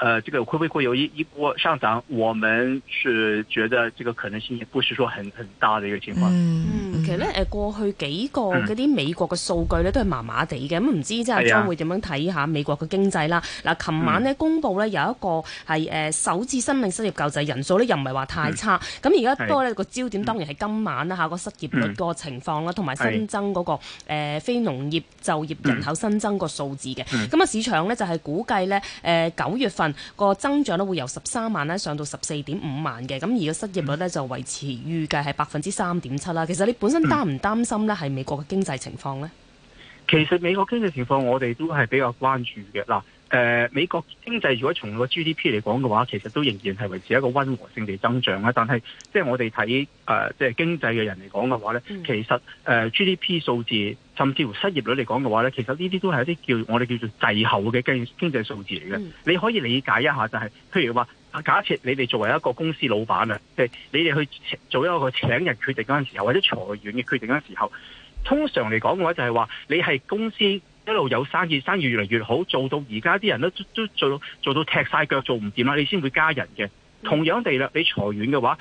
誒、呃，這個會不會有一一波上漲？我們是覺得這個可能性也不是說很很大的一個情況。嗯，其實呢，誒，過去幾個嗰啲美國嘅數據呢，都係麻麻哋嘅，咁唔知即係將會點樣睇下美國嘅經濟啦。嗱、哎、琴、嗯、晚呢，公布呢有一個係誒首次申領失業救濟人數呢，又唔係話太差，咁而家不過呢是個焦點當然係今晚啦吓，個失業率個情況啦，同埋、嗯、新增嗰、那個誒是、呃、非農業就業人口新增個數字嘅。咁啊、嗯、嗯、市場呢，就係、是、估計呢誒九、呃、月份。個增長咧會由十三萬咧上到十四點五萬嘅，咁而個失業率咧就維持預計係百分之三點七啦。其實你本身擔唔擔心咧係美國嘅經濟情況呢？其實美國經濟情況我哋都係比較關注嘅嗱。誒美國經濟如果從個 GDP 嚟講嘅話，其實都仍然係維持一個溫和性地增長啦。但係即係我哋睇誒即係經濟嘅人嚟講嘅話咧，其實 GDP 數字甚至乎失業率嚟講嘅話咧，其實呢啲都係一啲叫我哋叫做滯後嘅經經濟數字嚟嘅。你可以理解一下，就係譬如話，假設你哋作為一個公司老闆啊，即係你哋去做一個請人決定嗰陣時候，或者裁員嘅決定嗰陣時候，通常嚟講嘅話就係話你係公司。一路有生意，生意越嚟越好，做到而家啲人都都做到做到踢晒腳，做唔掂啦，你先會加人嘅。同樣地啦，你裁員嘅話，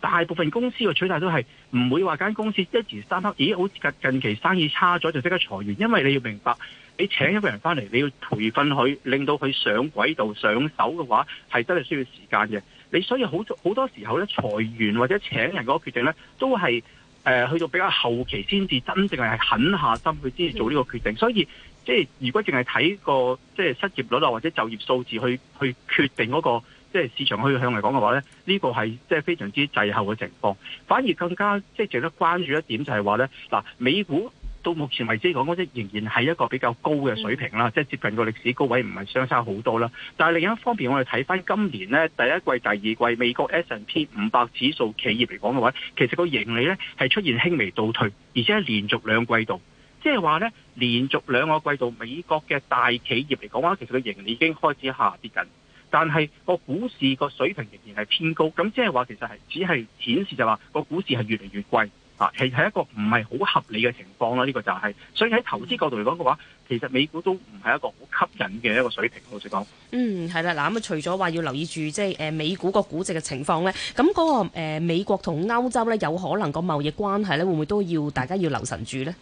大部分公司嘅取態都係唔會話間公司一時三刻，咦，好近近期生意差咗就即刻裁員，因為你要明白，你請一個人翻嚟，你要培訓佢，令到佢上軌道、上手嘅話，係真係需要時間嘅。你所以好好多時候咧，裁員或者請人嗰個決定咧，都係。誒去到比較後期，先至真正係狠下心去先至做呢個決定，所以即係如果淨係睇個即係失業率啊，或者就業數字去去決定嗰個即係市場去向嚟講嘅話咧，呢個係即係非常之滯後嘅情況，反而更加即係值得關注一點就係話咧嗱，美股。到目前為止講，嗰隻仍然係一個比較高嘅水平啦，嗯、即係接近個歷史高位，唔係相差好多啦。但係另一方面，我哋睇翻今年呢第一季、第二季美國 S&P 五百指數企業嚟講嘅話，其實個盈利呢係出現輕微倒退，而且係連續兩季度，即係話呢，連續兩個季度美國嘅大企業嚟講話，其實個盈利已經開始下跌緊。但係個股市個水平仍然係偏高，咁即係話其實係只係顯示就話個股市係越嚟越貴。其實係係啊，係係一個唔係好合理嘅情況啦，呢個就係、係，所以喺投資角度嚟講嘅話，其實美股都唔係一個好吸引嘅一個水平，老實講。嗯，係啦，嗱咁啊，除咗話要留意住即係誒美股個估值嘅情況咧，咁嗰、嗰個誒、呃、美國同歐洲咧，有可能個貿易關係咧，會唔會都要大家要留神住咧？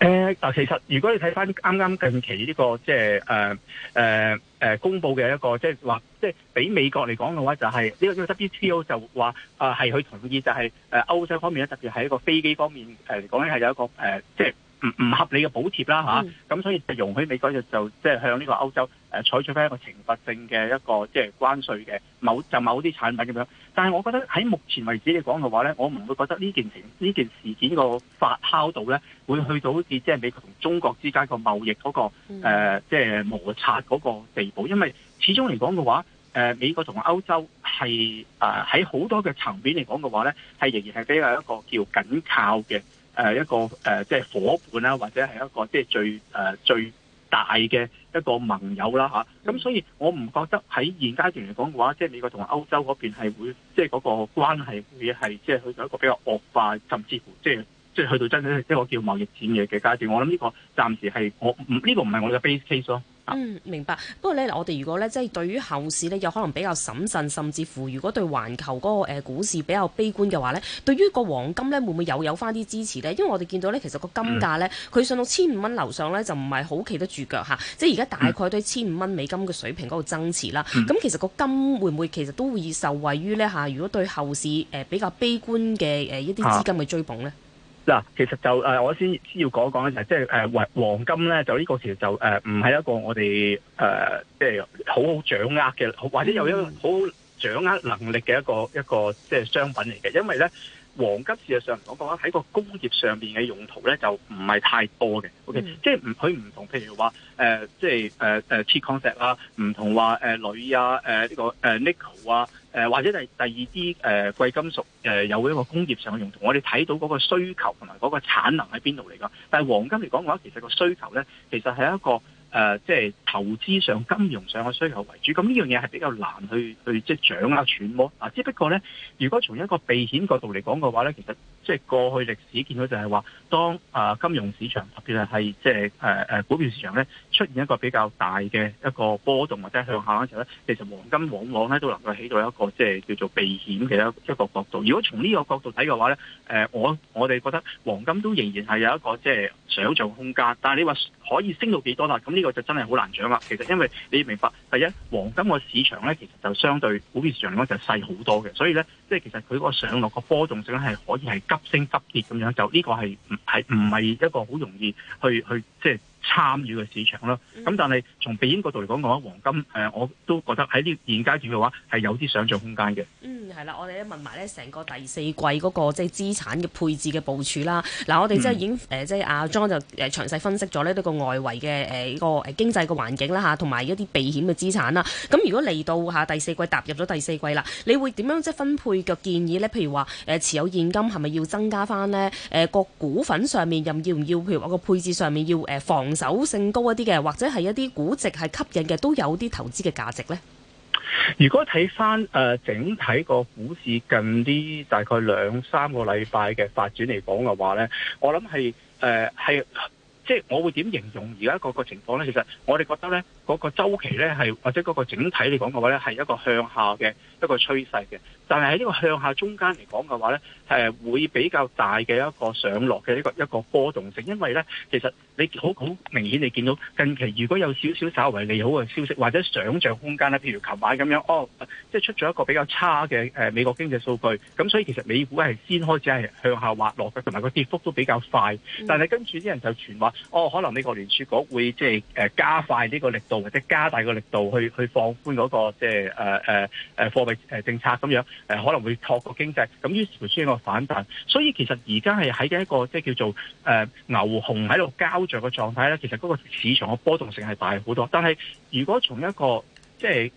誒嗱、呃，其實如果你睇翻啱啱近期呢個即係誒誒誒公佈嘅一個即係話，即係俾美國嚟講嘅話就係呢個呢個 WTO 就話啊係佢同意就係誒歐洲方面咧，特別係一個飛機方面誒嚟講咧，係有一個誒即係。呃就係唔唔合理嘅補貼啦咁、嗯啊、所以就容許美國就就即係、就是、向呢個歐洲誒、呃、採取翻一個懲罰性嘅一個即係、就是、關稅嘅某就某啲產品咁樣。但係我覺得喺目前為止嚟講嘅話咧，我唔會覺得呢件情呢件事件個發酵度咧，會去到好似即係美國同中國之間個貿易嗰、那個即係摩擦嗰個地步。因為始終嚟講嘅話，誒、呃、美國同歐洲係誒喺好多嘅層面嚟講嘅話咧，係仍然係比較一個叫緊靠嘅。誒一個誒即係夥伴啦，或者係一個即係最誒、呃、最大嘅一個盟友啦嚇。咁所以，我唔覺得喺現階段嚟講嘅話，即、就、係、是、美國同歐洲嗰邊係會即係嗰個關係會即係、就是、去到一個比較惡化，甚至乎即係即係去到真正即係我叫貿易戰嘅階段。我諗呢個暫時係我唔呢、呢個唔係我嘅 base case 咯。嗯，明白。不過咧，我哋如果咧，即係對於後市咧，有可能比較審慎，甚至乎如果對環球嗰個、呃、股市比較悲觀嘅話咧，對於個黃金咧，會唔會又有返啲支持咧？因為我哋見到咧，其實個金價咧，佢、嗯、上到千五蚊樓上咧，就唔係好企得住腳嚇、啊。即係而家大概都喺千五蚊美金嘅水平嗰度增持啦。咁、嗯、其實個金會唔會其實都會受惠於咧嚇？如果對後市誒、呃、比較悲觀嘅誒、呃、一啲資金嘅追捧咧？啊。嗱，其實就誒，我先先要講一講咧，就係即係誒黃黃金咧，就、這、呢個其實就誒唔係一個我哋誒即係好好掌握嘅，或者有一個好好掌握能力嘅一個一個即係商品嚟嘅，因為咧黃金事實上嚟講嘅喺個工業上面嘅用途咧就唔係太多嘅。O、okay? K，、嗯、即係唔佢唔同，譬如話誒、呃，即係誒誒鐵礦石啦，唔同話誒鋁啊，誒呢、呃呃呃這個誒 Nickel 啊。誒或者係第，第二啲誒、呃、貴金屬誒、呃、有一個工業上嘅用途，我哋睇到嗰個需求同埋嗰個產能喺邊度嚟㗎？但係黃金嚟講嘅話，其實個需求咧，其實係一個誒，即、呃、係、即係、投資上、金融上嘅需求為主。咁呢樣嘢係比較難去去即係掌握揣摩啊。只不過咧，如果從一個避險角度嚟講嘅話咧，其實。即係過去歷史見到就係話，當金融市場特別係即係誒股票市場咧出現一個比較大嘅一個波動或者向下嘅時候咧，其實黃金往往咧都能夠起到一個即係叫做避險嘅一一個角度。如果從呢個角度睇嘅話咧，我我哋覺得黃金都仍然係有一個即係想像空間。但係你話可以升到幾多啦？咁呢個就真係好難掌握。其實因為你要明白第一，黃金個市場咧其實就相對股票市場嚟講就細好多嘅，所以咧即係其實佢個上落個波動性係可以係急升急跌，咁樣，就呢個係唔係？唔係一個好容易去去即係，就是參與嘅市場啦，咁但係從避險角度嚟講嘅話，黃金誒我都覺得喺呢現階段嘅話係有啲想像空間嘅。嗯，係啦，我哋問埋咧成個第四季嗰個即係資產嘅配置嘅部署啦。嗱、嗯，我哋即係已經誒即係阿莊就誒詳細分析咗呢個外圍嘅呢一個經濟嘅環境啦嚇，同埋一啲避險嘅資產啦。咁如果嚟到嚇第四季踏入咗第四季啦，你會點樣即係分配嘅建議呢？譬如話誒持有現金係咪要增加返呢，誒個股份上面又要唔要譬如話個配置上面要誒防止？守性高一啲嘅，或者係一啲估值係吸引嘅，都有啲投資嘅價值咧。如果睇翻誒整體個股市近啲大概兩三個禮拜嘅發展嚟講嘅話咧，我諗係誒係即係，我會點形容而家個個情況咧？其實我哋覺得咧。嗰個周期咧，係或者嗰個整體嚟講嘅話咧，係一個向下嘅一個趨勢嘅。但係喺呢個向下中間嚟講嘅話咧，係會比較大嘅一個上落嘅一個一個波動性。因為咧，其實你好好明顯地見到近期如果有少少稍為利好嘅消息或者想象空間咧，譬如琴晚咁樣，哦，即係出咗一個比較差嘅誒美國經濟數據，咁所以其實美股係先開始係向下滑落嘅，同埋個跌幅都比較快。但係跟住啲人就傳話，哦，可能美國聯儲局會即係誒加快呢個力度。或者加大個力度去去放寬嗰個即係貨幣政策，咁樣可能會托個經濟，咁於是會出現個反彈。所以其實而家係喺一個即係叫做牛熊喺度膠著嘅狀態咧。其實嗰個市場嘅波動性係大好多。但係如果從一個即係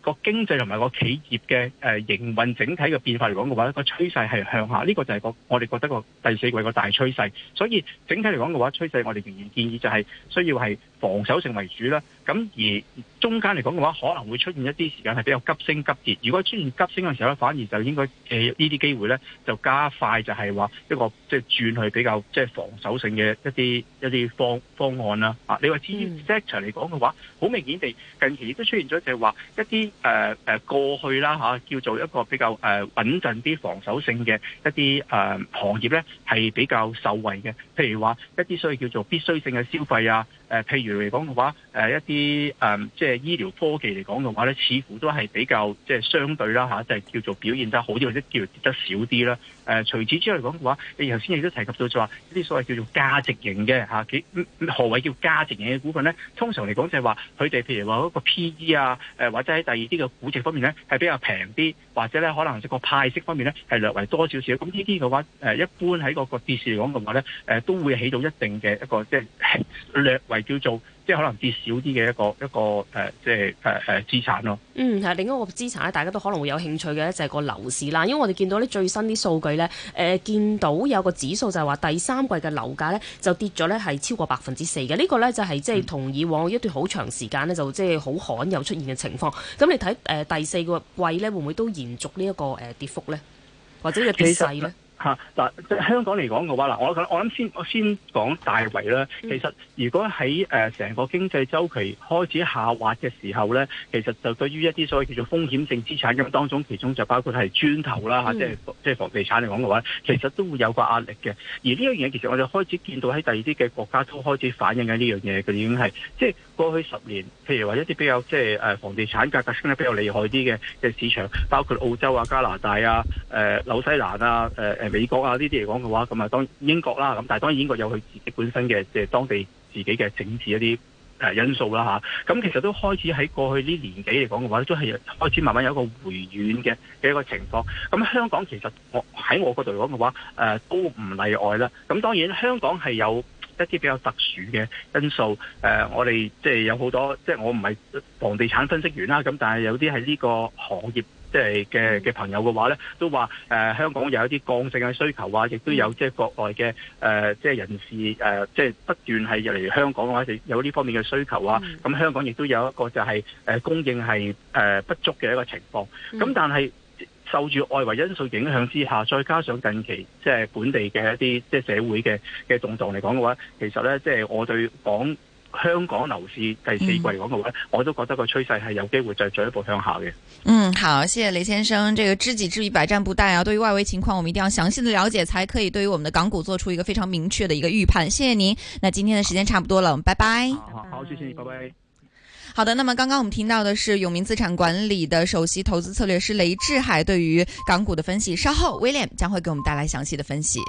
個經濟同埋個企業嘅誒營運整體嘅變化嚟講嘅話，個趨勢係向下。呢個就係個我哋覺得個第四季個大趨勢。所以整體嚟講嘅話，趨勢我哋仍然建議就係需要係防守性為主啦。咁而中間嚟講嘅話，可能會出現一啲時間係比較急升急跌。如果出現急升嘅時候咧，反而就應該誒呢啲機會咧就加快就係話一個即係轉去比較即係防守性嘅一啲一啲方方案啦。你話至於 sector 嚟講嘅話，好明顯地近期亦都出現咗就係話一啲。誒誒過去啦，嚇叫做一個比較誒穩陣啲防守性嘅一啲誒行業咧，係比較受惠嘅。譬如話一啲所謂叫做必需性嘅消費啊，譬如嚟講嘅話，一啲誒即係醫療科技嚟講嘅話咧，似乎都係比較即係相對啦嚇，就係叫做表現得好啲或者叫跌得少啲啦。誒、呃、除此之外嚟講嘅話，才你頭先亦都提及到就話啲所謂叫做價值型嘅嚇，佢、啊、何為叫價值型嘅股份咧？通常嚟講就係話佢哋譬如話嗰個 PE 啊，誒、呃、或者喺第二啲嘅估值方面咧係比較平啲，或者咧可能喺個派息方面咧係略為多少少。咁呢啲嘅話誒、呃，一般喺嗰、這個跌、這個、市嚟講嘅話咧，誒、呃、都會起到一定嘅一個即係略為叫做。即係可能跌少啲嘅一個一個誒，即係誒誒資產咯。嗯，係另一個資產咧，大家都可能會有興趣嘅，就係個樓市啦。因為我哋見到啲最新啲數據咧，誒、呃、見到有個指數就係話第三季嘅樓價咧就跌咗咧，係超過百分之四嘅。呢、呢個咧就係即係同以往一段好長時間咧，就即係好罕有出現嘅情況。咁你睇誒、呃、第四個季咧，會唔會都延續呢一個誒跌幅咧，或者嘅跌勢咧？嚇嗱，香港嚟講嘅話，嗱，我諗我諗先，我先講大圍啦。其實，如果喺誒成個經濟周期開始下滑嘅時候咧，其實就對於一啲所謂叫做風險性資產，咁當中，其中就包括係磚頭啦嚇，即係即係房地產嚟講嘅話，其實都會有個壓力嘅。而呢樣嘢其實我哋開始見到喺第二啲嘅國家都開始反映緊呢樣嘢，佢已經係即係過去十年，譬如話一啲比較即係房地產價格升得比較厲害啲嘅嘅市場，包括澳洲啊、加拿大啊、誒、呃、紐西蘭啊、呃美國啊，呢啲嚟講嘅話，咁啊，當然英國啦，咁但係當然英國有佢自己本身嘅，即係當地自己嘅政治一啲誒因素啦吓。咁其實都開始喺過去呢年幾嚟講嘅話，都係開始慢慢有一個回軟嘅嘅一個情況。咁香港其實我喺我嗰度嚟講嘅話，誒都唔例外啦。咁當然香港係有一啲比較特殊嘅因素。誒，我哋即係有好多，即係我唔係房地產分析員啦。咁但係有啲係呢個行業。即係嘅嘅朋友嘅話咧，都話誒、呃、香港有一啲剛性嘅需求啊，亦都有即係國外嘅誒即係人士誒即係不斷係入嚟香港嘅話，就有呢方面嘅需求啊。咁、嗯、香港亦都有一個就係誒供應係誒不足嘅一個情況。咁、嗯、但係受住外圍因素影響之下，再加上近期即係本地嘅一啲即係社會嘅嘅動盪嚟講嘅話，其實咧即係我對港香港樓市第四季講嘅話，嗯、我都覺得這個趨勢係有機會再進一步向下嘅。嗯，好，謝謝雷先生。這個知己知彼，百戰不殆啊！對於外圍情況，我們一定要詳細的了解，才可以對於我們的港股做出一個非常明確的一個預判。謝謝您。那今天的時間差不多了，好拜拜。好好，好謝謝你，拜拜。好的，那麼剛剛我們聽到的是永明資產管理的首席投資策略師雷志海對於港股的分析，稍後 William 將會給我們帶來詳細的分析。